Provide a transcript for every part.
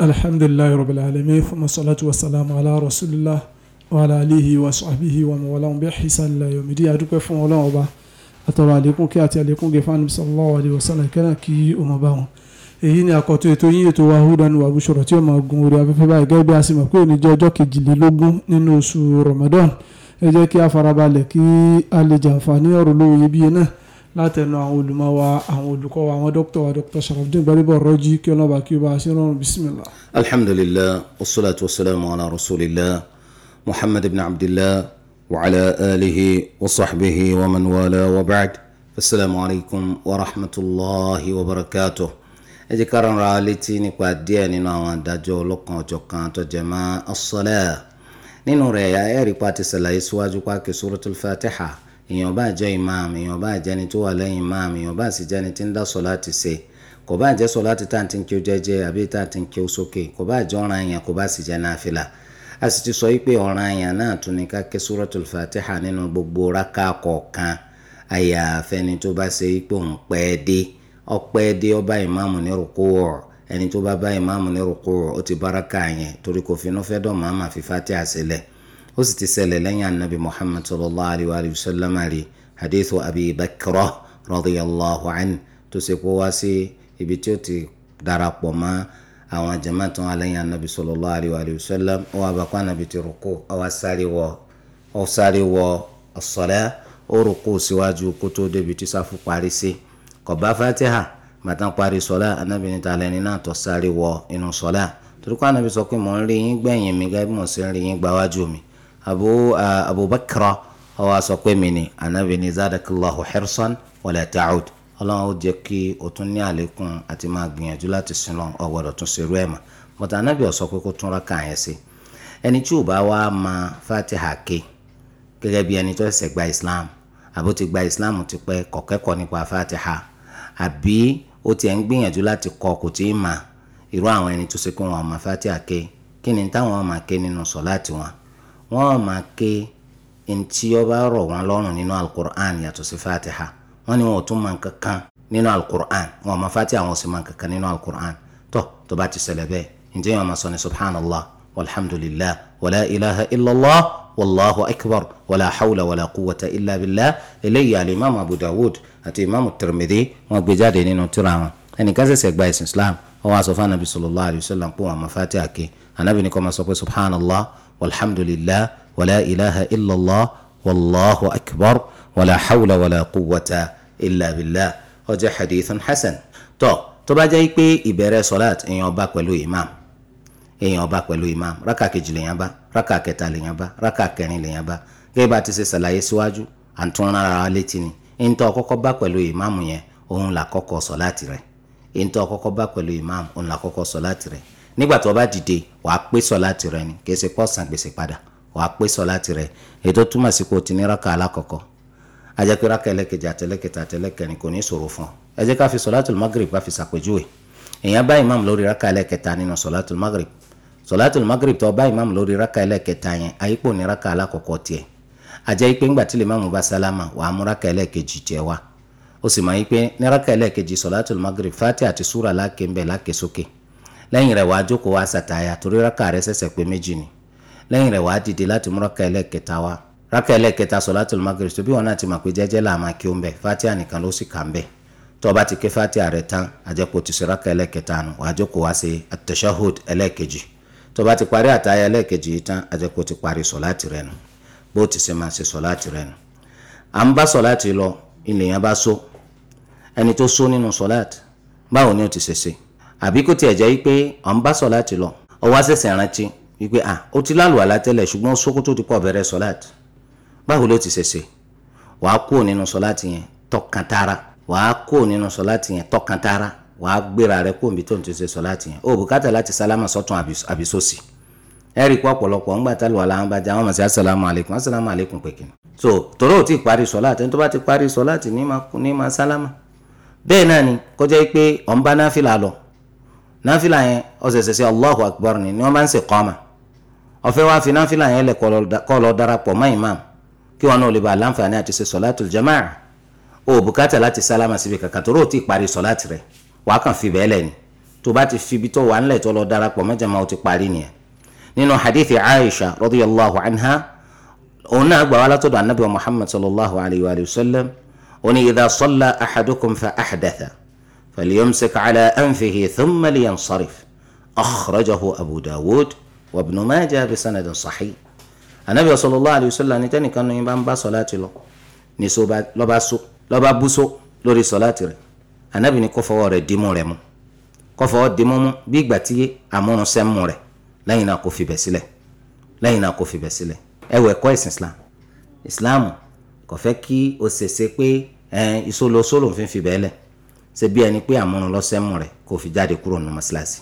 alhamdulilayi rabil alamin fama salatu wa salam ala rasulillah wa ala alihi wa sahbihi wa mawalawo bi hisan la yomidi adúpẹ́ fún Ọlọ́run ọba àtọrọ àlékún kí àti àlékún gẹfà ní sallallahu alayhi wa sallam kẹrẹ kí ọmọ bá wọn. èyí ni àkọ́tún ètò yín ètò wa hudan wa bushra tí ó máa gun orí afẹ́fẹ́ báyìí gẹ́gẹ́ bí a sì mọ̀ pé òní jẹ́ ọjọ́ kejìlélógún nínú oṣù ramadan ẹ jẹ́ kí a farabalẹ̀ kí a lè jàǹfààní ọ̀rọ̀ lóye bíi náà látẹnu àwọn olùmọ̀ wa àwọn olùkọ́ wa àwọn dókítà wa dókítà Sharafdin Gbadebo Rọ́jí kí ọlọ́ba kí ọba ṣe rọrùn bisimilá. alhamdulilah wasalaatu wasalaamu ala rasulillah muhammad ibn abdillah wa ala alihi wa sahbihi wa man wala wa ba'd asalaamu alaykum wa rahmatulahi wa barakatuh ẹ jẹ́ ká rán létí nípa díẹ̀ nínú àwọn àdájọ́ ọlọ́kan ọ̀jọ̀kan tó jẹ mọ́ as nínú rẹ̀ ẹ̀rí pa ti sàlàyé síwájú pa kí suratul fatiha èèyàn bá jẹ́ imam èèyàn bá jẹ́ ẹni tó wà lẹ́yìn imam èèyàn bá sì jẹ́ ẹni tí ń dá sọ́láàtì ṣe kò bá jẹ́ sọ́láàtì tá à ń tí ń kí ó jẹ́jẹ́ àbí tá à ń tí ń kí ó sókè kò bá jẹ́ ọ̀ràn èèyàn kò bá sì jẹ́ náfìlà a sì ti sọ pé ọ̀ràn èèyàn náà tún ní ká ké fatiha nínú gbogbo rákà kọ̀ọ̀kan àyàfẹ́ni tó bá ṣe pé òun pẹ́ dé ọpẹ́ dé ọba ìmáàmù ní rúkúwọ̀ ẹni tó bá bá ìmáàmù ní rúkúwọ̀ ó ti bá rákà yẹn torí kò finú fẹ́ dọ̀ máàmà fi fatiha sílẹ̀ ó sì ti ṣẹlẹ̀ lẹ́yìn anabi muhammad sallallahu alayhi wa sallam rí hadithu abi bakra radiyallahu anhu tó ṣe kó wá sí ibi tí ó ti darapọ̀ mọ́ àwọn jamaatan alẹ́yìn anabi sallallahu alayhi wa sallam ó wá bàkú anabi ti rúkú ó sáré wọ ó ó rúkú síwájú kó tó débi tí sáfù parí sí kò fatiha màtán parí sọlá anabi ní ta lẹni náà tó sáré wọ inú sọlá torí kó anabi sọ pé mò ń rí yín gbẹ̀yìn mi gẹ́gẹ́ bí mo ṣe ń rí yín gbáwájú mi abu uh, abubakra ó wá sọ pé mi ni anabi ni zadakallahu hirsan wala ta'ud ọlọ́run ó jẹ́ kí o tún ní àlékún àti máa gbìyànjú láti sin lọ ọ gbọ́dọ̀ tún ṣerú ẹ̀ mọ́ bọ́tà anabi ó sọ pé kó tún rákà yẹn sí ẹni tí ò bá wá ma fatiha ké gẹ́gẹ́ bí ẹni tó ṣẹ̀ṣẹ̀ gba islam àbó ti gba islam ti pẹ́ kọ̀kẹ́kọ̀ọ́ nípa fatiha àbí ó tiẹ̀ ń gbìyànjú láti kọ́ kò tí ì irú àwọn ẹni tó ṣe pé wọn ọmọ fatiha ké kí ni táwọn ọmọ ké nínú sọ láti wọn wọ́n máa ké ntí ọba rọ̀ wọ́n lọ́rùn nínú alukur'an yàtọ̀ sí fatiha wọ́n ní wọn ò tún máa kankan nínú alukur'an wọn máa fatiha wọn ò sì máa kankan nínú alukur'an tó tó bá ti ṣẹlẹ̀ bẹ́ẹ̀ ǹjẹ́ yẹn wọn máa sọ ní subhanallah walhamdulillah wàlá ilaha illallah wàlláhu akbar wàlá hawla wàlá quwwata illa billah eléyìí àlè imaamu abu dawud àti imaamu tirmidhi wọ́n gbé jáde nínú tírà wọn ẹnìkan ṣẹ̀ṣẹ̀ gba ẹ̀sìn islam wọ́n wá sọ fún anabi sallallahu alayhi wa sallam pé wọn máa fatiha ké anabi ní kó máa sọ pé subhanallah walhamdulillah wàlá ilaha illallah wàlláhu akbar wàlá hawla wàlá quwwata illa billah ó jẹ́ hadithun hasan tó tó bá jẹ́ pé ìbẹ̀rẹ̀ sọ́láàt èèyàn bá pẹ̀lú imam èèyàn bá pẹ̀lú imam rákà kejì lèèyàn bá rákà kẹta lèèyàn bá rákà kẹrin lèèyàn bá gẹ́gẹ́ bá ti ṣe ṣàlàyé síwájú à ń tún rárá wa létí ni ìntọ́ kọ́kọ́ bá pẹ̀lú imam yẹn òun là kọ́kọ́ sọ́láàtì rẹ̀ ìntọ́ kọ́kọ́ bá pẹ̀lú imam òun là kọ́kọ́ sọ́láàtì rẹ̀ nígbà tó o bá dìde wàá pé sọ̀láàtì rẹ ni kì í ṣe pọ̀ san gbèsè padà wàá pé sọ̀láàtì rẹ ètò túmọ̀ sí pé o ti ní rákà alákọ̀ọ́kọ́ ajẹ́ pé rákà ẹlẹ́kejì àtẹlẹ́kẹta àtẹlẹ́kẹrin kò ní ṣòro fún ọ ẹ jẹ́ ká fi sọ̀láàtì magrib ká fi ṣàpèjúwe èèyàn bá imam lórí rákà ẹlẹ́kẹta nínú sọ̀láàtì magrib sọ̀láàtì magrib tó bá imam lórí rákà ẹlẹ́kẹta yẹn àyípo ní rákà alákọ̀ọ́kọ́ tiẹ̀ ajẹ́ pé ńgbà tí lè máàmù bá sálámà wàá mú rákà ẹlẹ́kejì tiẹ̀ wá ó sì máa yí pé ní rákà ẹlẹ́kejì sọ̀láàtì magrib fati àti súra láàké ńbẹ láàké sókè lẹ́yìn rẹ̀ wàá jókòó wá sàtáyà torí rákà rẹ̀ ṣẹ̀ṣẹ̀ pé méjì ni lẹ́yìn rẹ̀ wàá dìde láti mú rákà ẹlẹ́kẹta wá rákà ẹlẹ́kẹta sọ̀látùl Maghrib tó bí wọn náà ti mọ̀ pé jẹ́jẹ́ là máa kí ó ń bẹ̀ fatiha nìkan ló sì kà ń bẹ̀ tó o bá ti ké fatiha rẹ̀ tán àjẹpọ̀ ti sọ rákà ẹlẹ́kẹta nù wàá jókòó wá ṣe at-tashahhud tó o bá ti parí àtàyà ẹlẹ́kejì yìí tán àjẹpọ̀ ti parí sọ̀láàtì rẹ̀ nù bó ti ṣe máa ṣe sọ̀láàtì rẹ̀ nù à ń bá sọ̀láàtì lọ ilẹ̀ yẹn bá so ẹni tó so nínú sọ̀láàtì báwo ni ó ti ṣe ṣe àbí kò tiẹ̀ jẹ́ wípé ọ̀n bá sọ̀láàtì lọ ó wá ṣẹ̀ṣẹ̀ rántí wípé à ó ti lálùwàlá tẹ́lẹ̀ ṣùgbọ́n sókótó ti pọ̀ bẹ̀rẹ̀ sọ̀láàtì báwo ló ti ṣẹ̀ṣẹ̀ wàá kúrò nínú sọ̀láàtì yẹn tọkàn tara wàá kúrò nínú sọ̀láàtì yẹn tọkàn tara wàá gbéra rẹ kó omi tó ń ti ṣe sọ̀láàtì yẹn ó bùkátà láti sálámà sọ́tún àbísòsì ẹ̀rí kó ọ̀pọ̀lọpọ̀ ńgbà tá lùwàlá wọn bá jẹ́ àwọn mọ̀ sí asàlámù alaykum asàlámù alaykum pèkìnì. so tòró ò tí ì parí sọ̀láàtì ẹni tó bá ti parí sọ̀láàtì ní máa sálámà bẹ́ẹ̀ náà ni kọjá pé ọ̀nbá lọ náfìlà yẹn ọ̀sẹ̀sẹ̀ sí allahu akbar ni ni wọ́n bá ń ṣe kọ́ọ̀mà ọ̀fẹ́ wàá fi náfìlà yẹn lẹ̀ kọ́ lọ darapọ̀ mọ́ imam kí wọn náà lè ba láǹfààní àti ṣe sọ̀láàtù jamaa o bùkátà láti sálámà síbi kankan tó rò tí ì parí sọ̀láàtì rẹ̀ wàá kàn fi bẹ́ẹ̀ lẹ̀ ni tó bá ti fi ibi tó wà ńlẹ̀ tó lọ darapọ̀ mọ́ jamaa o ti parí nìyẹn nínú hadithi aisha radiyallahu anha òun náà gbà wá látọ̀dọ̀ anabi wa muhammad sallallahu alayhi wa sallam òun ni idha salla ahadukum fa ahdatha فليمسك على أنفه ثم لينصرف أخرجه أبو داود وابن ماجه بسند صحيح anabi sallallahu alayhi wa sallam ni tẹnìkan ní bá ń bá sọláàtì lọ nìṣó lọba búṣó lórí sọláàtì rẹ̀ anabi ni kó fọwọ́ rẹ̀ dìmú rẹ̀ mú kó fọwọ́ dìmú mú bí ìgbà tí amúrun sẹ́mu rẹ̀ lẹ́yìn náà kó fìbẹ̀ sílẹ̀ lẹ́yìn náà kó fìbẹ̀ sílẹ̀ ẹ wọ ẹ̀kọ́ ẹ̀sìn islam islam kò fẹ́ kí o ṣèṣe pé ẹ̀ ìṣó lọ sólò ń fi fìbẹ̀ lẹ̀ ṣe bí ẹni pé àmúrun lọ́sẹ̀mù rẹ̀ kò fi jáde kúrò nínú mọ́ṣáláṣí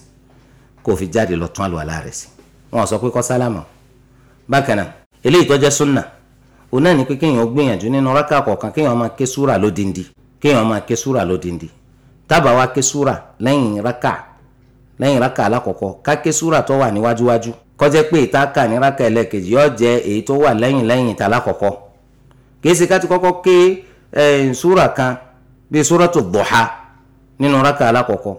kò fi jáde lọ tún àlùwàlá rẹ̀ sí wọn sọ pé kó sálámà bákan náà eléyìí tó jẹ́ súnà òun náà ni pé kéèyàn gbìyànjú nínú rákà kọ̀ọ̀kan kéèyàn máa ké súrà lódindi kéèyàn máa ké súrà lódindi tábà wá ké súrà lẹ́yìn rákà lẹ́yìn rákà alákọ̀ọ́kọ́ ká ké súrà tó wà níwájúwájú kó jẹ́ pé ìtaka ní rákà ẹlẹ́ẹ̀kejì yóò jẹ́ èyí tó wà lẹ́yìn lẹ́yìn ìtàlákọ̀ọ́kọ́ kèsì ká ti kọ́kọ́ ké eh, súrà kan bíi sóràtò dọ̀ha nínú rákà alákọ̀ọ́kọ́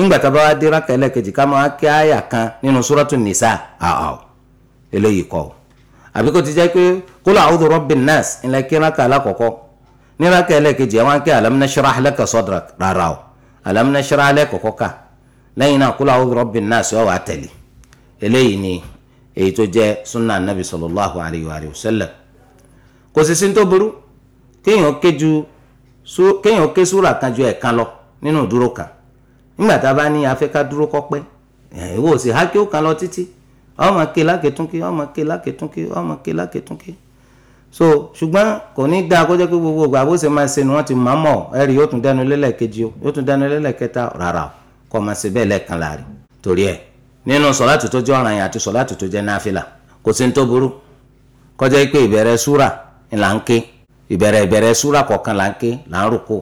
ńgbà tá a bá wá dé rákà ẹlẹ́kejì ká máa kí àyà kan nínú sóràtò nìsà àhàó eléyìí kọ́ àbí kò ti jẹ́ pé kul a'udhu rabbin nas ńlẹ̀ kí rákà alákọ̀ọ́kọ́ ní rákà ẹlẹ́kejì àwọn akẹ́ alam nashrah laka sadrak rárá o alam nashrah laka kọ́kọ́ lẹ́yìn náà kul a'udhu rabbin nas ó wá tẹ̀lé eléyìí ni èyí tó jẹ́ sunna anabi sallallahu alayhi wa sallam kò sì sí ní tó burú kéèyàn kéju kéèyàn ké súrà kan ju ẹ̀ẹ̀kan lọ nínú dúró kan nígbà tá a bá ní afẹ́ dúró kọ́pẹ́ ìwọ kí ó kan lọ títí ọmọ ké lákètúnkí ọmọ ké ọmọ ké lákètúnkí so ṣùgbọ́n kò ní dáa kó jẹ́ pé gbogbo ìgbà bó ṣe máa ṣe ni wọ́n ti máa mọ̀ ẹ̀rí yóò tún dẹnu kejì o yóò tún dẹnu kẹta rárá o máa ṣe bẹ́ẹ̀ lẹ́ẹ̀kan láàrin torí ẹ̀ nínú tó jẹ́ àti tó jẹ́ kò sí ní tó burú kó ìbẹ̀rẹ̀ ìbẹ̀rẹ̀ súrà kọ̀ọ̀kan là ń ké là ń rúkú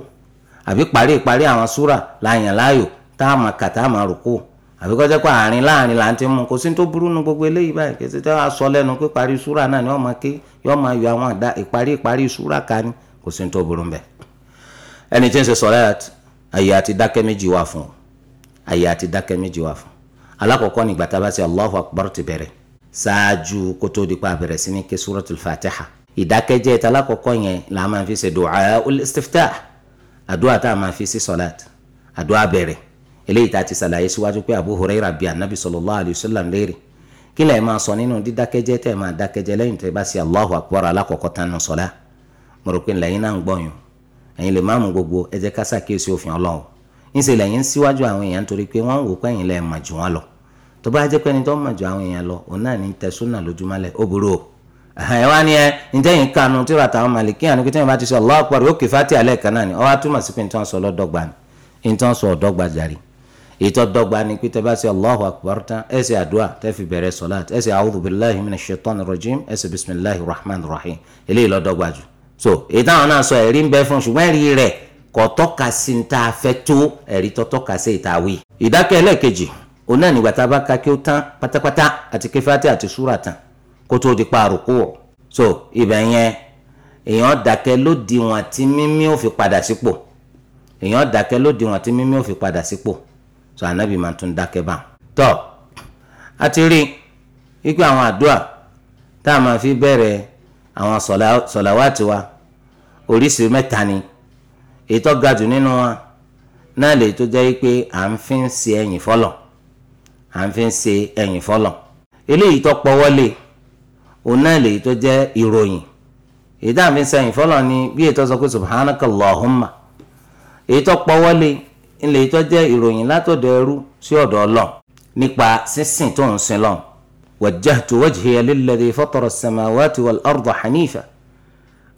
àbí parí ìparí àwọn súrà là yàn láàyò tá a máa kà tá a máa rúkú àbí kọjá pé àárín láàrin là ń ti mú kò sí tó burú nu gbogbo eléyìí báyìí kì í ṣe tẹ́ wàá sọ lẹ́nu pé parí súrà náà ni wọ́n máa ké yọ́ máa yọ àwọn àdá ìparí ìparí súrà ká ní kò sí tó burú mbẹ́ ẹni tí ń ṣe sọ̀láàtì àyè àti àti dákẹ́ ìdákẹ́jẹ́ ìtàlákọ̀kọ́ yẹn là máa fi ṣe dùwà istiftah àdúrà tá a máa fi ṣe sọ̀láàtì àdúrà bẹ̀rẹ̀ eléyìí tá a ti ṣàlàyé síwájú pé Abu Hurairah bíi anabi sallallahu alayhi wa sallam léèrè kí lẹ́ẹ̀ máa sọ nínú dídákẹ́jẹ́ tẹ́ máa dákẹ́jẹ́ lẹ́yìn tẹ́ bá ṣe Allahu akbar alákọ̀ọ́kọ́ tánú sọ̀lá mo rò pé lẹ́yìn náà ń gbọ́yùn ẹ̀yin lè máàmù gbogbo ẹ jẹ́ ká ṣàkíyèsí òfin Ọlọ́run ńṣe lẹ́yìn síwájú àwọn èèyàn torí ẹ wá ní ẹ ǹjẹ́ yìí kanu tí bàtà àwọn màlìkí àni pé tí wọ́n bá ti sọ Allahu Akbar yóò kì fati alẹ́ kan náà ni ọwọ́ àtúmọ̀ sí pé ní tí wọ́n sọ lọ́dọ́gba ni ní tí wọ́n sọ ọ̀dọ́gba jàre ètò ọ̀dọ́gba ni pé tẹ́ bá sọ Allahu Akbar tán ẹ àdúrà tẹ́ bẹ̀rẹ̀ sọ̀láàt ẹ ṣe a'udhu billahi minash shaitani rajim ẹ rahim so ètò àwọn náà sọ ẹ̀rí ń bẹ fún ṣùgbọ́n ẹ̀rí rẹ̀ kò tọ́ka sí ń ta fẹ́ tó ẹ̀rí tó tọ́ka sí ìtawí. ìdákẹ́ ẹlẹ́ẹ̀kejì òun kó tó di pa àrùkù so ibẹ̀ yẹn èèyàn dákẹ́ lódiwọ̀n tí mímí ò fi padà sípò èèyàn dákẹ́ lódiwọ̀n tí mímí ò fi padà sípò so anabi máa tún dákẹ́ bá tọ́ a ti rí wípé àwọn àdúrà tá a máa fi bẹ̀rẹ̀ àwọn sọ̀làwátì wa oríṣi mẹ́ta ni èyí tó ga jù nínú wa náà lè tó jẹ́ pé à ń fi ń ṣe ẹ̀yìn fọ́lọ̀ à ń fi ń ṣe ẹ̀yìn fọ́lọ̀ eléyìí tó pọ̀ wọlé òun náà lèyí tó jẹ́ ìròyìn èyí tá à ń fi sẹ́yìn fọlọ́ ni bí èyí tó sọ pé subhanaka allahumma èyí tó pọ́wọ́lé ilé tó jẹ́ ìròyìn látọ̀dọ̀ ẹrú sí ọ̀dọ̀ ọlọ́n nípa sísìn tó ń sin lọ́n wajjahtu wajhiya lilladhi fatara as-samawati wal arda hanifa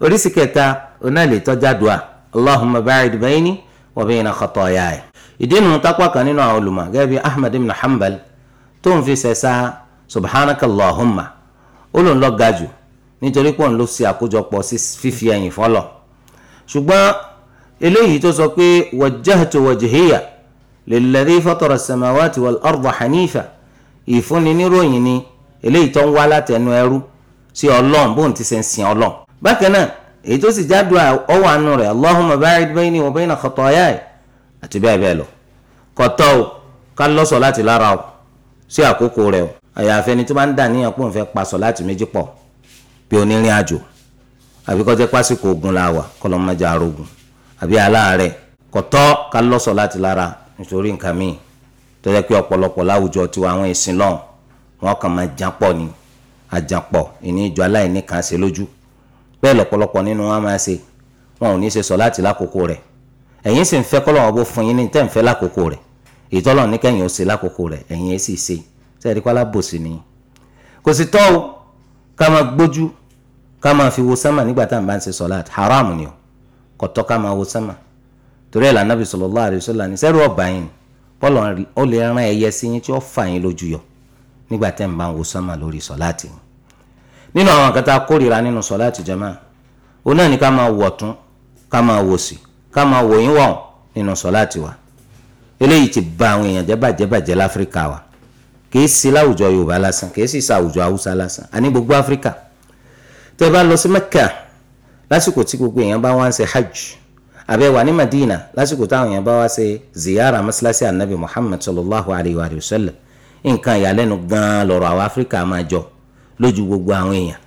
oríṣi kẹta oná lè tọ́já dùá allahumma ba'id bayni wa bayna khatayaaya. ìdí nu tápá kan nínú àwọn olùmọ̀ gẹ́gẹ́ bí ahmed ibn hanbal tó ń fi ṣẹ̀ṣà subhanaka allahumma ó lòun lọ ga jù nítorí pé òun ló ṣe àkójọpọ̀ fífi ẹ̀yìn fọlọ̀ ṣùgbọ́n eléyìí tó sọ pé wajjahtu wajhiya lilladhi fatara as-samawati wal arda hanifa ìfúnni níròyìn ni eléyìí tó ń wá látẹnu ẹrú sí ọlọ́run bóun ti ṣe ń sin ọlọ́run. bákan náà èyí tó sì jáde ọwọ́ àánú rẹ̀ Allahumma ba'id bayni wa bayna khatayaya àti bẹ́ẹ̀ bẹ́ẹ̀ lọ kọ̀tọ́ o ká lọ́sọ̀ láti lára o sí àkókò rẹ̀ o àyàfẹ́ ni tó bá ń dà níyàn pé òun fẹ́ pa sọ̀láàtì méjì pọ̀ bí onírìn àjò àbí kọjá pásíkò ogun la wà kọlọ́ mọ́jà arógun àbí aláàárẹ̀ kọ̀tọ́ ká lọ́ sọ̀láàtì lára nítorí nǹkan míì tó jẹ́ pé ọ̀pọ̀lọpọ̀ láwùjọ tiwa àwọn ìsìn lọ́hùn wọn kàn máa jà pọ̀ ni àjàpọ̀ ìní ìjọ aláìní kan ṣe lójú bẹ́ẹ̀ lọ́pọ̀lọpọ̀ nínú wọn máa ṣe wọn ò ní ṣe sọ̀láàtì lákòókò rẹ̀ ẹ̀yin sì ń fẹ́ kọ́lọ́wọ́n bó fún yín ní tẹ́ ń fẹ́ lákòókò rẹ̀ ìtọ́lọ́ ní kẹ́yìn ó ṣe lákòókò rẹ̀ ẹ̀yin ẹ̀ sì ṣe sẹ́ẹ̀rí kọ́lá bòsì ni kò sì tọ́ o ká máa gbójú ká máa fi wo sánmà nígbà tá à ń bá ń ṣe sọ́lá haram ni o kò tọ́ ká máa wo sánmà torí ẹ̀ lànà bí sallallahu alaihi wasallam ní sẹ́rù ọ̀bà yìí bọ́ọ̀lù ó lè rán ẹyẹ sí yín tí ó fà yín lójú yọ nígbà tẹ́ ń bá ń wo sánmà lórí sọ́lá tì yín nínú àwọn àkàtà kórìíra nínú sọ́lá tì jama òun náà ni ká máa wọ̀ tún ká máa wò sí ká máa wò yín wọ̀n nínú sọ́lá tì wa eléyìí ti bà àwọn èèyàn jẹ́ láfíríkà wa kìí sí láwùjọ yorùbá lásán kìí sì sí àwùjọ haúsá lásán àní gbogbo áfíríkà tẹ bá lọ sí mẹ́kà lásìkò tí gbogbo èèyàn bá wá ń ṣe hajj àbẹ wà ní madina lásìkò táwọn èèyàn bá wá ṣe ziyara masalasi anabi muhammad sallallahu alayhi wa sallam nǹkan ìyàlẹ́nu gan-an lọ́rọ̀ àwọn áfíríkà máa jọ lójú gbogbo àwọn èèyàn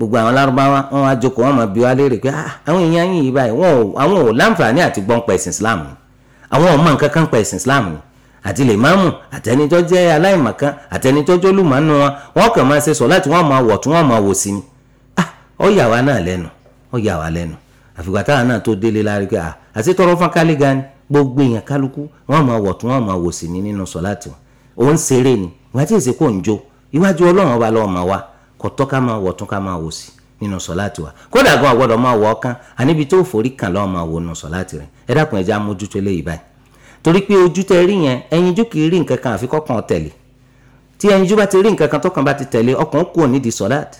gbogbo àwọn lárúbáwá wọn wá jókòó wọn máa bi wá léèrè pé ah, àwọn èèyàn yìí báyìí àwọn ò láǹfààní àti gbọ́n pa ẹ̀sìn islam àwọn ò nǹkan kan pa ẹ̀sìn islam ni àti lèmáàmù àtẹnitọ́ jẹ́ aláìmọ̀kan àtẹnitọ́ jólùmọ́nù wọn wọn kàn máa ṣe sọ láti wọn máa wọ̀ tí wọn máa wò sí ni ah ó yà wá náà lẹ́nu ó yà wá lẹ́nu àfìgbà táwọn náà tó délé lárí pé ah àti tọrọ fún kálí ni gbogbo èèyàn kálukú wọn máa wọ̀ tí wọn máa wò sí ni nínú sọ láti wọn òun ṣeré ni wọn àti èsè kò ń jó iwájú ọlọ́run ọba lọ́ọ́ máa wá kò tọ́ ká máa wọ̀ tún ká máa wò sí nínú sọláàtì wa kódà gan ọgbọ́dọ̀ máa wọ ọkàn àníbi tó forí kàn lọ́ọ́ máa wò nínú sọláàtì rẹ̀ ẹ dákun ẹ jẹ́ amójútó eléyìí torí pé ojú tẹ rí yẹn ẹyinjú kì í rí nǹkan kan àfi kọ́kàn tẹ̀lé tí ẹyinjú bá ti rí nǹkan kan tọ́kàn bá ti tẹ̀lé ọkàn kò nídìí sọ́láàtì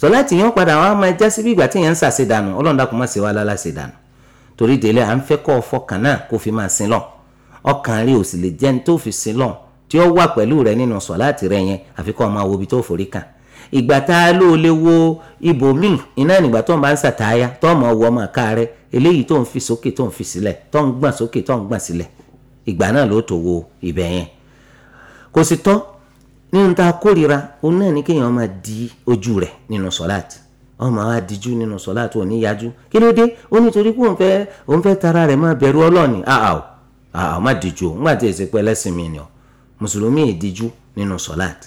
sọ́láàtì yẹn padà wọn á máa já sí bí ìgbà tí yẹn ń sàṣe dànù ọlọ́run dákun má ṣe wá lálá ṣe dànù torí délé à ń fẹ́ kọ́ fọkàn náà kó fi máa sin lọ ọkàn rí ò sì lè jẹ́ ní tó fi sin lọ tí ó wà pẹ̀lú rẹ nínú sọ́láàtì rẹ yẹn àfi kọ́ máa wo ibi tó forí kàn ìgbà tá a ló lè wo ibòmíì iná nígbà tó ń bá ń sàtáyà tó ń mọ̀ wọ́ ọmọ àká rẹ eléyìí tó ìgbà náà ló tó wo ibẹ̀ yẹn kò sì tọ́ nínú ta kórira òun náà ní kéèyàn máa di ojú rẹ̀ nínú sọ́láàtì ọmọ wa díjú nínú sọ́láàtì òní yájú kí ló dé ó nítorí pé òun fẹ́ òun fẹ́ tara rẹ̀ máa bẹ̀rù ọlọ́ọ̀ni àà ò àà ò má díjú o ńgbà tí èsì pẹ́ lẹ́sìn mi ni o mùsùlùmí ìdíjú nínú sọ́láàtì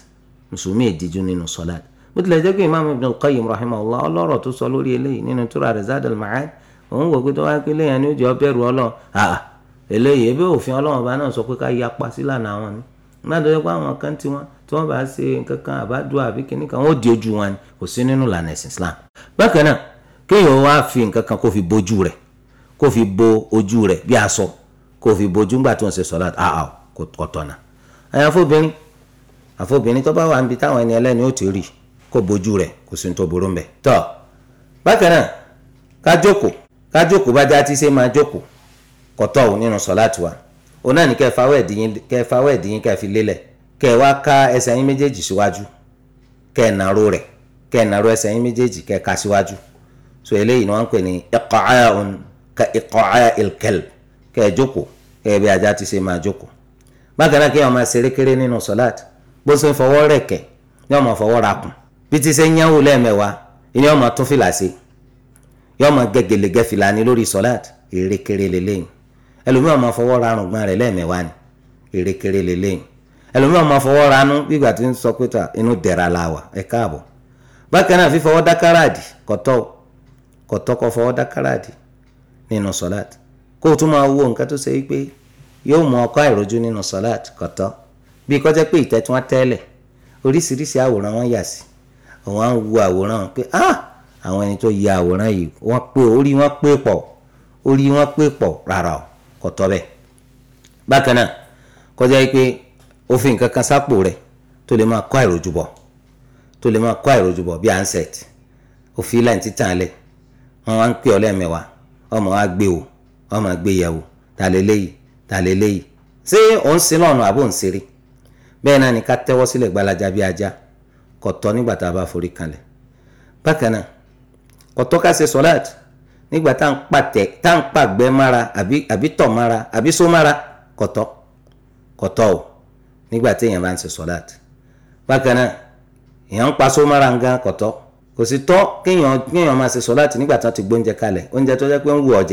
mùsùlùmí ìdíjú nínú sọ́láàtì bó tilẹ̀ jẹ́ pé imaamu ibn qayyim rahimahullah ọlọ́rọ̀ tó sọ lórí eléyìí nínú túrà rẹ̀ zadal ma'ad òun wò pé tó wá pé léyìn ni ó jẹ́ ọ bẹ̀rù ọlọ́ọ̀ àà eléyìí ebe òfin ọlọ́run bá náà sọ pé ká yapa sílànà àwọn ni gbàdọ̀ yẹ pé àwọn kan tí wọ́n tí wọ́n bá ṣe nǹkan kan àbádùn àbí kìnnì kan wọ́n di ojú wọn ni kò sí nínú ìlànà ẹ̀sìn Islam bákan náà kéèyàn wá fi nǹkan kan kó fi bojú rẹ̀ kó fi bo ojú rẹ̀ bí aṣọ kó fi bojú ńgbà tí wọ́n ṣe sọ́lá àá kò tọ̀nà àyàfóbìnrin àfóbìnrin tó bá wà níbi táwọn ẹni ẹlẹ́ni ó ti rí kó bojú rẹ̀ kò sí tó burú mbẹ̀ tọ́ bákan náà ká jókòó bá já tí ṣe máa jókòó kọtọ ò nínú sọláàtì wa òun náà ní kẹ fawọ ẹdínyín kẹ fawọ ẹdínyín kẹ fi lélẹ̀ kẹ wá ká ẹsẹ̀ yín méjèèjì síwájú kẹ nàró rẹ̀ kẹ nàró ẹsẹ̀ yín méjèèjì kẹ ká síwájú so eléyìí ni wọn ń pè ní iqa'un ka iqa'il kalb kẹ jókòó kẹ bí ajá ti ṣe máa jókòó bákan kí wọn máa ṣeré kéré nínú sọláàtì bó ṣe ń fọwọ́ rẹ̀ kẹ̀ ni wọn máa fọwọ́ ra kùn bí ti ṣe ń yánwó lẹ́ẹ̀mẹ́wàá ni wọn máa tún ẹlòmíràn máa fọwọ́ ra àrùngbọ́n rẹ̀ lẹ́ẹ̀mẹ́wàá ni erékeré lélẹ́yìn ẹlòmíràn máa fọwọ́ ra nú bí ìgbà tí ń sọ pé ta inú dẹ̀ra la wà ẹ káàbọ̀ bákan náà fífọwọ́ dákàràdì kọ̀tọ́ kọ̀tọ́ kọ fọwọ́ dákàràdì nínú sọ́láàtì kó o tún máa wo nǹkan tó ṣe pé yóò mú ọkọ àìrójú nínú sọ́láàtì kọ̀tọ́ bí kọjá pé ìtẹ́ tí oríṣiríṣi àwòrán wọn yà sí àwọn ń wo àwòrán pé ah àwọn ẹni tó ya àwòrán yìí wọ́n pé orí wọn pé pọ̀ orí wọn pé pọ̀ rárá o kò tọ́ bákan náà kọjá yìí pé òfin kankan sápò rẹ̀ tó lè máa bi àìròjúbọ̀ tó lè máa kọ́ àìròjúbọ̀ bí ansẹt òfin ilẹ̀ ní títàn lẹ̀ wá ń pè lẹ́ẹ̀mẹ́wàá ọmọ wa gbé o ọmọ gbé yẹ̀wò ta lè léyìí ta lè léyìí ṣé òun sin náà nù àbò ni ká tẹ́wọ́ sílẹ̀ gbalaja bí ajá kò nígbà tá a bá forí kanlẹ̀ bákan náà kò ká nígbà tá à ń pàtẹ tá à ń pàgbẹ́ mára àbí àbí tọ̀ mára àbí só mára kọ̀tọ́ kọ̀tọ́ o nígbà tí èèyàn bá ń ṣe sọ́láàt bákan náà èèyàn ń pa só mára ń gan kọ̀tọ́ kò sì tọ́ kéèyàn kéèyàn máa ṣe sọ́láàt nígbà tí wọ́n ti gbóúnjẹ kalẹ̀ oúnjẹ tó jẹ́ pé ń wù ọ́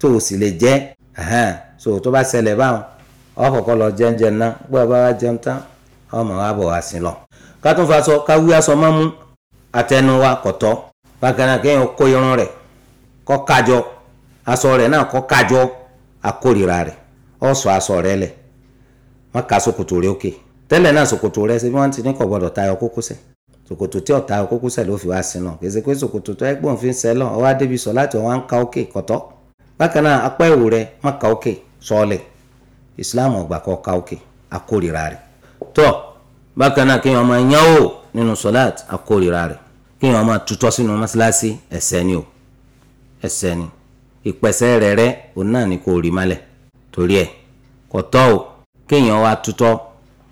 tó o sì lè jẹ so tó bá ṣẹlẹ̀ báwọn ọkọ̀ọ̀kọ̀ lọ jẹ́ńjẹ náà gbọ́ bá wá jẹun tán ọmọ wa bọ̀ wá sí lọ. ká tún fa aṣọ ká wí aṣọ mọ́mú àtẹnuwa kọ̀tọ́ bákan náà kéèyàn kó irun rẹ̀ kọ́ kájọ aṣọ rẹ̀ náà kọ́ kájọ akórira rẹ̀ ọ̀ṣọ́ aṣọ rẹ̀ lẹ̀ wọ́n ka ṣòkòtò rẹ̀ òkè tẹ́lẹ̀ náà ṣòkòtò rẹ̀ ṣe bí wọ́n ti ní kò gbọ́dọ̀ tayọ kókósẹ̀ ṣòkòtò tí ọ̀tá kókósẹ̀ ló fi wá sí náà kèsì pé ṣòkòtò tó ẹgbọ́n fi ń sẹ́ lọ ọwọ́ adébí sọ láti ọwọ́ ń ka òkè kọ̀tọ́ bákan náà apá ẹ̀wù rẹ̀ má ka òkè sọ́ọ̀lẹ̀ Islam ọgbà kọ́ ka òkè akórira rẹ̀ tó bákan náà kéèyàn máa yánwò nínú sọ́láàt akórira rẹ̀ kéèyàn máa tutọ́ sínú mọ́ṣáláṣí ẹ̀ṣẹ̀ ni o ẹ̀ṣẹ̀ ni ìpẹ̀sẹ̀ onani rẹ́ òun náà ni kò rí torí kò o kéèyàn wá tutọ́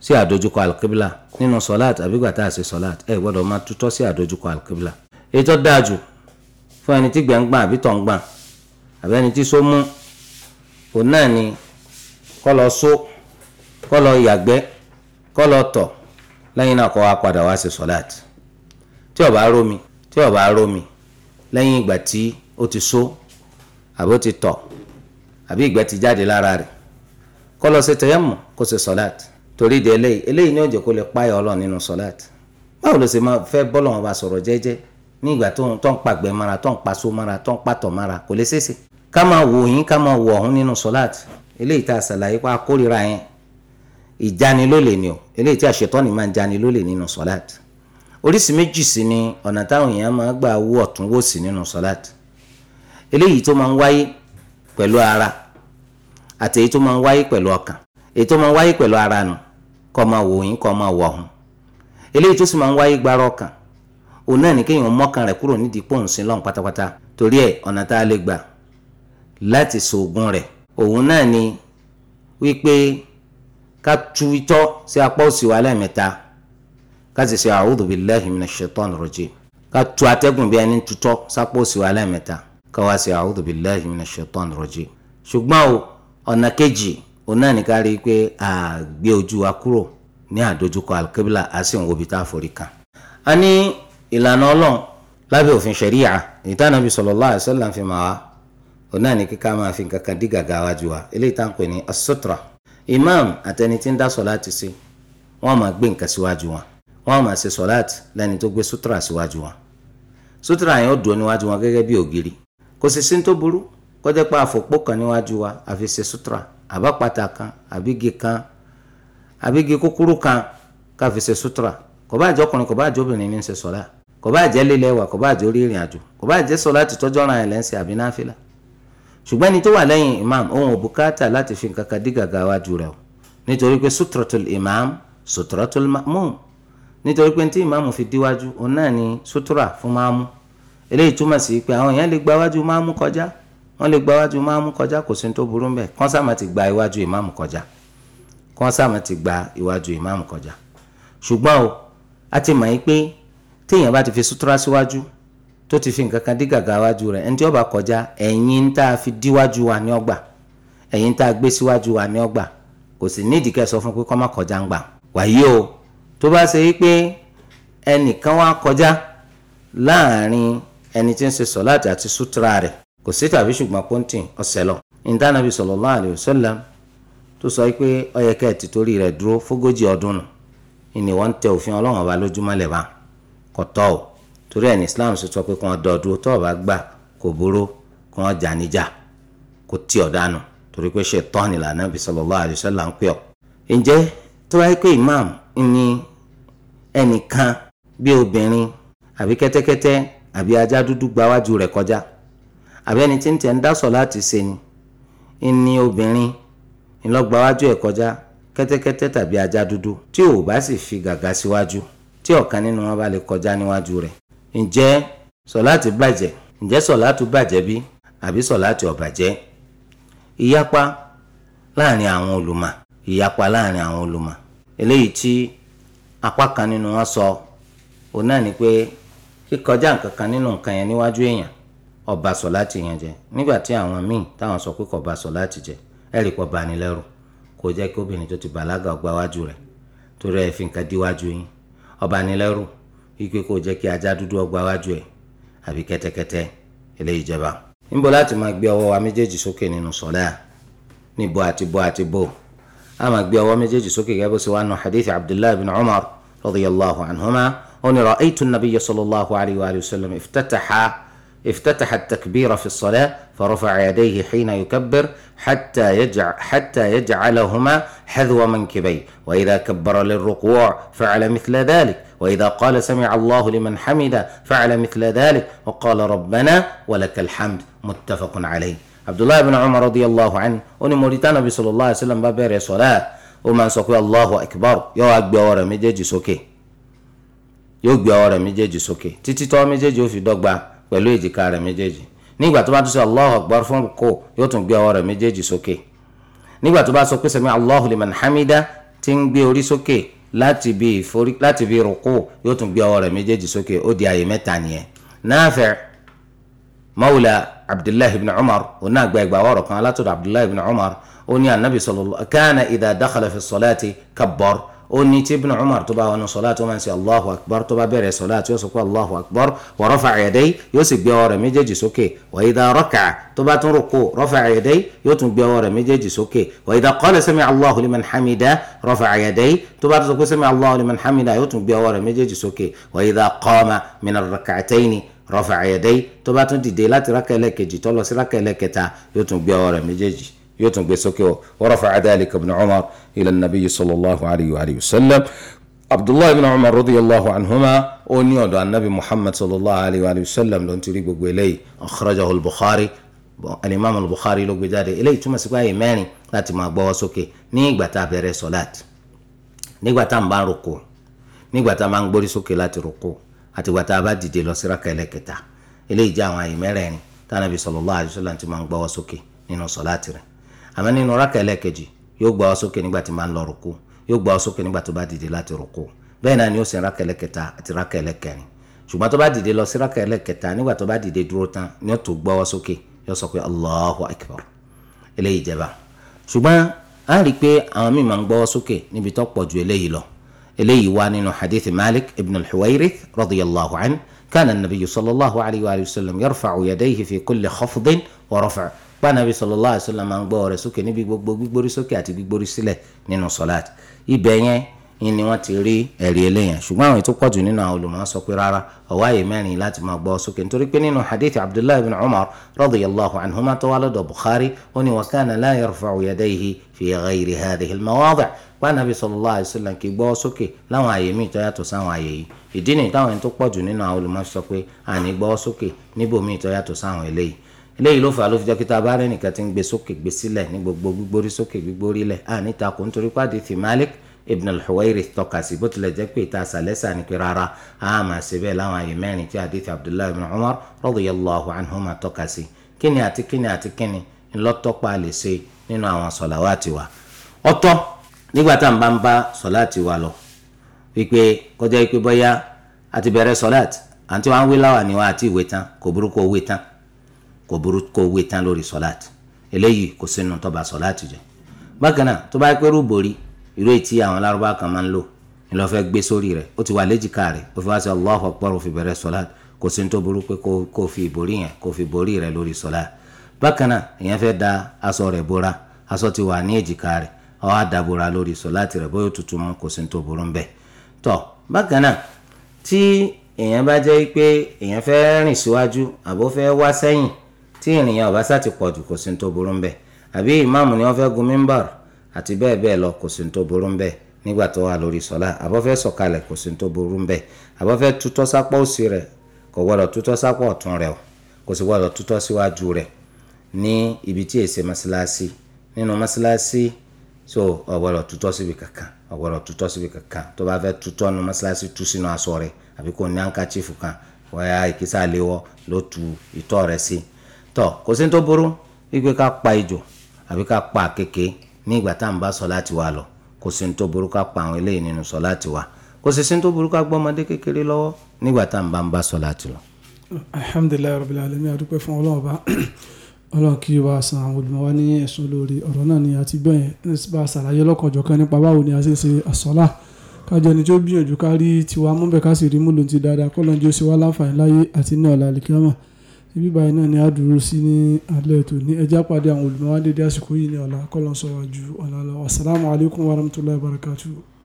sí àdójúkọ alkibla nínú sọláàt àbígbà tá a ṣe ẹ gbọdọ máa tutọ sí àdójúkọ alkibla ètò dáàjù fún ẹni tí gbẹ̀ngbà àbí tọ̀ngbà àbí ẹni tí só mú òun náà ni kó lọ só kó lọ lọ tọ̀ náà wá padà wá ṣe tí rómi tí ó ti so àbí ó ti tọ̀ àbí ìgbẹ́ ti jáde lára rẹ̀ kó lọ ṣe tẹ̀yẹ́mù kó ṣe sọ́láàtì torí de eléyìí eléyìí ni ó jẹ́ kó lè páyà ọlọ́run nínú sọ́láàtì báwo ló ṣe máa fẹ́ bọ́lọ̀ wọn bá sọ̀rọ̀ jẹ́jẹ́ ní ìgbà tó ń pàgbẹ́ mara tó ń paṣọ mara tó ń pàtọ̀ mara kò lè ṣeéṣe ká máa wò yín ká máa wò ọ̀hún nínú sọ́láàtì eléyìí tá a ṣàlàyé pa kórìíra yẹn ìjanilólè ni o eléyìí tí àṣetọ́ni máa ń janilólè nínú sọ́láàtì oríṣi méjì sí ni ọ̀nà táwọn èèyàn máa gbà wú ọ̀tún sí nínú sọ́láàtì eléyìí tó máa ń wáyé pẹ̀lú ara àti èyí tó máa ń wáyé pẹ̀lú ọkàn èyí tó máa ń wáyé pẹ̀lú ara nù kọ́ máa wò yín kọ́ máa wò ọ̀hún eléyìí tó sì máa ń wáyé gbára ọkàn òun náà ní kéèyàn mọ́kàn rẹ̀ kúrò nídìí pòǹsìn lọ́hùn pátápátá torí ẹ̀ ọ̀nà tá a lè gbà láti ṣoògùn rẹ̀ òun náà ni wípé ká tu itọ́ sí apá òsì wa lẹ́ẹ̀mẹ́ta ká sì ṣe a'udhu billahi minash shaitani rajim ká tu atẹ́gùn bí ẹni tutọ́ sápò òsì wa lẹ́ẹ̀mẹ́ta káwá sí a'udhu billahi minash shaitani rajim ṣùgbọ́n o ọ̀nà kejì òun náà ní ká rí i pé a gbé ojú wa kúrò ní àdójúkọ alkebla a sì ń wo ibi tá a forí kan. a ní ìlànà ọlọ́run lábẹ́ òfin ṣẹ̀ríyà ìtànàbí sallallahu alaihi wasallam fi máa wá òun náà ní kíkà máa fi nǹkan kan dí gàgà wájú wa eléyìí tá à ń pè ní as-sutra imam àtẹni tí ń dá sọ̀láàtì sí wọ́n máa gbé nǹkan síwájú wọn wọ́n máa ṣe sọ̀láàtì lẹ́ni tó gbé sutra síwájú wọn sutra yẹn ó dùn níwájú wọn gẹ́gẹ́ bí ògiri kò sì sí tó burú kọjá pé àfòpó kan níwájú wa àfi ṣe sutura àbápàtà kan àbígi kan àbígi kúkúrú kan káfi ṣe sutura kò bá jẹ́ ọkùnrin kò bá jẹ́ obìnrin ní ṣe sọlá kò bá jẹ́ lílẹ̀ wà kò bá jẹ́ orí ìrìn àjò kò bá jẹ́ sọlá títọ́jú ọ̀ràn ẹ̀lẹ́sìn àbí náfìlà ṣùgbọ́n ẹni tó wà lẹ́yìn imam òun ò bùkátà láti fi nǹkan kan dí gàgà wájú rẹ̀ o nítorí pé sutratul imam sutratul ma'mum imam fi díwájú òun náà ni sutura fún eléyìí túmọ̀ sí pé àwọn èèyàn lè gba iwájú máàmù kọjá wọ́n lè gba iwájú máàmù kọjá kò sí ní tó burú mbẹ̀ kọ́n sàmà ti gba iwájú ìmáàmù kọjá kọ́n sàmà ti gba iwájú ìmáàmù kọjá ṣùgbọ́n o a ti mọ̀ yín pé téèyàn bá ti fi sutura síwájú tó ti fi nǹkan kan dí gàgà iwájú rẹ̀ ẹni tí ó bá kọjá ẹ̀yìn tá a fi díwájú wa ní ọgbà ẹ̀yìn tá a gbé síwájú wa ní ọgbà kò sì nídìí kẹ́ sọ fún pé kó má kọjá ń gbà wàyí o tó bá ṣe wípé ẹnìkan wá kọjá láàrin ẹni tí ń ṣe sọ̀láàtì àti sútra rẹ̀ kò sí tàbí ṣùgbọ́n pọ́ńtìn ọ̀sẹ̀ lọ. ìdánabi sallallahu alaihi wasallam tó sọ pé ọ̀yẹ̀kẹ́ ti torí rẹ̀ dúró fógójì ọdún nù ìní wọ́n ń tẹ òfin ọlọ́run ọba lójúmọ́ lẹ́ba kò tọ́ o torí ẹ̀ ní Islam ṣe sọ pé kí wọ́n dọ̀ dúró tọ́ ọba gbà kò burú kí wọ́n jà níjà kò tí ọ̀dánù torí pé ṣe tọ́ nílà Ànábì sallallahu alaihi wasallam ń pè ọ́. ǹjẹ́ tó wáyé pé imam ní ẹnìkan bí obìnrin àbí kẹ́tẹ́kẹ́tẹ́ àbí ajá dúdú gba wájú rẹ̀ kọjá àbí ẹni tí ń tẹ̀ ń dá sọ láti ṣe ni ìní obìnrin ńlọgba wájú ẹ̀ kọjá kẹ́tẹ́kẹ́tẹ́ tàbí ajá dúdú tí ò bá sì fi gàgà síwájú tí ọ̀kan nínú wọn bá lè kọjá níwájú rẹ̀ ǹjẹ́ sọ láti bàjẹ́ ǹjẹ́ sọ láti bàjẹ́ bí àbí sọ láti ó bàjẹ́ ìyapa láàrin àwọn olùmọ̀ ìyapa láàrin àwọn olùmọ̀ eléyìí tí apá kan nínú wọn sọ òun náà ni pé kíkọjá nǹkan kan nínú nǹkan yẹn níwájú èèyàn ó ba sọ̀láàtì yẹn jẹ́ nígbà tí àwọn míì táwọn sọ pé kò ba sọ̀láàtì jẹ́ ẹ̀rì pọ̀ bá ní lẹ́rù kò jẹ́ kí obìnrin tó ti bàlágà ọgbà wájú rẹ̀ torí ẹ̀ fi nǹkan díwájú yín ó bá ní lẹ́rù wípé kò jẹ́ kí ajá dúdú ọgbà wájú ẹ̀ àbí kẹ́tẹ́kẹ́tẹ́ eléyìí jẹba. níbo láti máa gbé ọwọ́ wa méjèèjì sókè nínú sọ̀lá níbo àti bo àti bo a gbé ọwọ́ méjèèjì sókè gẹ́gẹ́ bó ṣe wà nù hadith Abdullahi bin Umar radiyallahu anhuma هنا رأيت النبي صلى الله عليه وآله وسلم افتتح افتتح التكبير في الصلاة فرفع يديه حين يكبر حتى يجعل حتى يجعلهما حذو منكبيه، وإذا كبر للركوع فعل مثل ذلك، وإذا قال سمع الله لمن حمد فعل مثل ذلك، وقال ربنا ولك الحمد متفق عليه. عبد الله بن عمر رضي الله عنه أني موريتان النبي صلى الله عليه وسلم بابير صلاة وما سقي الله أكبر يا أكبر مجيجي سوكي yóò gbé ọwọ́ rẹ̀ méjèèjì sókè títí tọwọ́ méjèèjì ó fi dọ́gba pẹ̀lú èjìká rẹ̀ méjèèjì nígbà tó bá tún sọ Allahu Akbar fún kò yóò tún gbé ọwọ́ rẹ̀ méjèèjì sókè nígbà tó bá sọ pé sami Allahu liman hamida ti ń gbé orí sókè láti bí ìforí láti bí rúkú yóò tún gbé ọwọ́ rẹ̀ méjèèjì sókè ó di àyè mẹ́ta nìyẹn Nafi' mawla Abdullahi ibn Umar òun náà gba ìgbà ọ̀rọ̀ kan látọ̀dọ̀ Abdullahi ibn Umar ó ní anabi sallallahu ó ní tí ibn umar tó bá wọnú sọlá tó máa ń ṣe allahu akbar tó bá bẹ̀rẹ̀ sọlá tí yóò sọ pé allahu akbar wa rafa'a yadayhi yóò sì gbé ọwọ́ rẹ̀ méjèèjì sókè wa idha raka'a tó bá tún rúkú rafa'a yadayhi yóò tún gbé ọwọ́ rẹ̀ méjèèjì sókè wa idha qala sami allahu liman hamida rafa'a yadayhi tó bá tún sọ pé sami allahu liman hamida yóò tún gbé ọwọ́ rẹ̀ méjèèjì sókè wa idha qama min ar-rak'atayni rafa'a tó bá tún dìde láti rákà ẹlẹ́kejì tó lọ sí rákà ẹlẹ́kẹta yóò tún gbé ọwọ́ rẹ̀ méjèèjì yóò tún gbé sókè o wa rafa'a dhalika ibn umar ila nabiyyi sallallahu alayhi wa sallam abdullahi ibn umar radiyallahu anhuma ó ní ọ̀dọ̀ anabi muhammad sallallahu alayhi wa sallam ló ń tiri gbogbo eléyìí akhrajahu al-bukhari al-imam al-bukhari ló gbé jáde eléyìí túmọ̀ sí pé àyè mẹ́rin láti máa gbọ́wọ́ sókè ní ìgbà tá a bẹ̀rẹ̀ sọ́láàt nígbà tá a bá ń roko nígbà tá a máa ń gbórí sókè láti roko àti ìgbà tá a bá dìde lọ sí rákà ẹlẹ́kẹta eléyìí jẹ́ àwọn àyè mẹ́rẹ̀ẹ̀rin tá anabi sallallahu ti máa ń gbọ́wọ́ sókè nínú sọ́láàt rẹ̀ àmọ́ nínú rákà ẹlẹ́ẹ̀kejì yóò gbà ọ sókè nígbà tí máa ń lọ rúkú yóò gbà ọ sókè nígbà bá dìde láti rúkú bẹ́ẹ̀ náà ni yóò sin rákà ẹlẹ́kẹta àti rákà ẹlẹ́kẹrin ṣùgbọ́n tó bá dìde lọ sí rákà ẹlẹ́kẹta nígbà tó bá dìde dúró tán ni yóò tó gbọ́wọ́ sókè yóò sọ pé Allahu Akbar eléyìí jẹba ṣùgbọ́n a rí i pé àwọn míì máa ń gbọ́wọ́ sókè níbi tó pọ̀ ju eléyìí lọ eléyìí wá nínú hadith Malik ibn al-Huwayrith radiyallahu anhu كان النبي sallallahu الله عليه وآله وسلم يرفع يديه في كل خفض ورفع pànàbí sallallahu alaihi wasallam máa ń gbọ́ rẹ̀ sókè níbi gbogbo gbígbórí sókè àti gbígbórí sílẹ̀ nínú sọ̀láàt ibẹ̀ yẹn ni ni wọ́n ti rí ẹ̀rí eléyàn ṣùgbọ́n àwọn ètò pọ̀jù nínú àwọn olùmọ̀ sọ pé rárá ọ̀wá yìí mẹ́rin láti máa gbọ́ sókè nítorí pé nínú hadith abdullahi bin umar radiyallahu anhuma tó wá lọ́dọ̀ bukhari ó ní wa kana la yarfa'u yadayhi fi ghayri hadhihi al-mawadi' pànàbí sallallahu alaihi wasallam kì í gbọ́ sókè láwọn àyè míì tó yàtọ̀ sáwọn àyè yìí ìdí nìyí táwọn ètò pọ̀jù nínú àwọn olùmọ̀ sọ pé àní gbọ́ sókè níbòmíì tó yàtọ̀ sáwọn eléyìí eléyìí ló fà á ló fi jẹ́ kí tá a bá rẹ̀ nìkan ti ń gbé sókè gbé sílẹ̀ ní gbogbo gbígbórí sókè gbígbórí lẹ̀ à níta kò ń torí pàdé ti Malik ibn al-Huwairi tọ́ka sí bó tilẹ̀ jẹ́ pé ìta sàlẹ́sà ni pé rárá a máa ṣe bẹ́ẹ̀ láwọn àyè mẹ́rin tí hadith Abdullahi ibn Umar radiyallahu anhuma tọ́ka sí kíni àti kíni àti kíni ńlọ́tọ́pá lè ṣe nínú àwọn sọ̀làwátì wa ọ̀tọ̀ nígbà tá à ń bá ń bá lọ wípé kọjá wípé bọ́yá àti bẹ̀rẹ̀ sọ̀láàtì àǹtí wa wí láwà ni wa àti ìwé tán kò burúkú owó tán kò burú kó wé tán lórí sọláàtì eléyìí kò sínú tó ba sọláàtì jẹ́ bákan náà tó bá pẹ́rù borí irú ètí àwọn lárúbá kan máa ń lò ní lọ́ọ́ fẹ́ gbé sórí rẹ̀ ó ti wà léjìká rẹ̀ ó fi wá sí Allahu Akbar ó bẹ̀rẹ̀ sọláàtì kò sí tó burú pé kó fi ìborí yẹn kó fi borí rẹ̀ lórí sọláàtì bákan náà èèyàn fẹ́ da aṣọ rẹ̀ bora aṣọ ti wà ní èjìká rẹ̀ ó wá da bora lórí sọláàtì rẹ̀ bóyá tutù mú kò sí tó burú ń bẹ̀ tọ́ bákan náà tí èèyàn bá jẹ́ pé èèyàn fẹ́ rìn síwájú àbó fẹ́ wá sẹ́yìn tí ìrìn yẹn ò bá sá ti pọ̀jù kò sí tó burú ń àbí ìmáàmù ni wọ́n fẹ́ gun mímbàr àti bẹ́ẹ̀ bẹ́ẹ̀ lọ kò sí ní tó burú ń bẹ̀ nígbà tó wà lórí sọ́lá àbọ̀fẹ́ sọ̀kalẹ̀ kò sí ní tó burú ń bẹ̀ àbọ̀fẹ́ tutọ́ sápọ̀ òsì rẹ̀ kò gbọ́dọ̀ tutọ́ sápọ̀ ọ̀tún rẹ̀ o kò sì gbọ́dọ̀ tutọ́ síwájú rẹ̀ ní ibi tí èsè mọ́sálásí nínú mọ́sálásí so ò gbọ́dọ̀ tutọ́ síbi kankan ò gbọ́dọ̀ tutọ́ síbi kankan tó bá fẹ́ tutọ́ nu mọ́sálásí tú sínú aṣọ rẹ̀ àbí kò ní ankachifu kan wọ́n yá ìkísà léwọ́ ló tu ìtọ́ rẹ̀ sí i tọ kò sí tó burú wípé ká pa ejò àbí ká pa àkekè ní ìgbà tá à ń bá sọ̀láàtì wa lọ kò sí tó burú ká pa àwọn eléyìí nínú sọ̀láàtì wa kò sí tó burú ká gbọ́ ọmọdé kékeré lọ́wọ́ nígbà tá à ń bá ń bá sọ̀láàtì lọ. alhamdulilayi rabbil alamin a dúpẹ́ fún Ọlọ́run ba Ọlọ́run kí wa san àwọn olùmọ̀ wa ní ẹ̀sùn lórí ọ̀rọ̀ náà ni àti gbọ́n yẹn bá a ṣàlàyé lọ́kànjọ̀kan nípa báwo ni a ṣe ṣe àsọlá kájọ ẹni tó gbìyànjú ká rí tiwa mú ká sì rí múlò ti dáadáa kọ́ sí wa láǹfààní láyé àti ní ọ̀la àlìkíyàmá ibi báyìí náà ni a dúró sí ní alẹ́ tó ní ẹjá pàdé àwọn olùmọ̀wádìí dé àsìkò yìí ní ọ̀la kọ́lọ́sọ̀wájú ọ̀la lọ assalamu alaikum wabarakatuh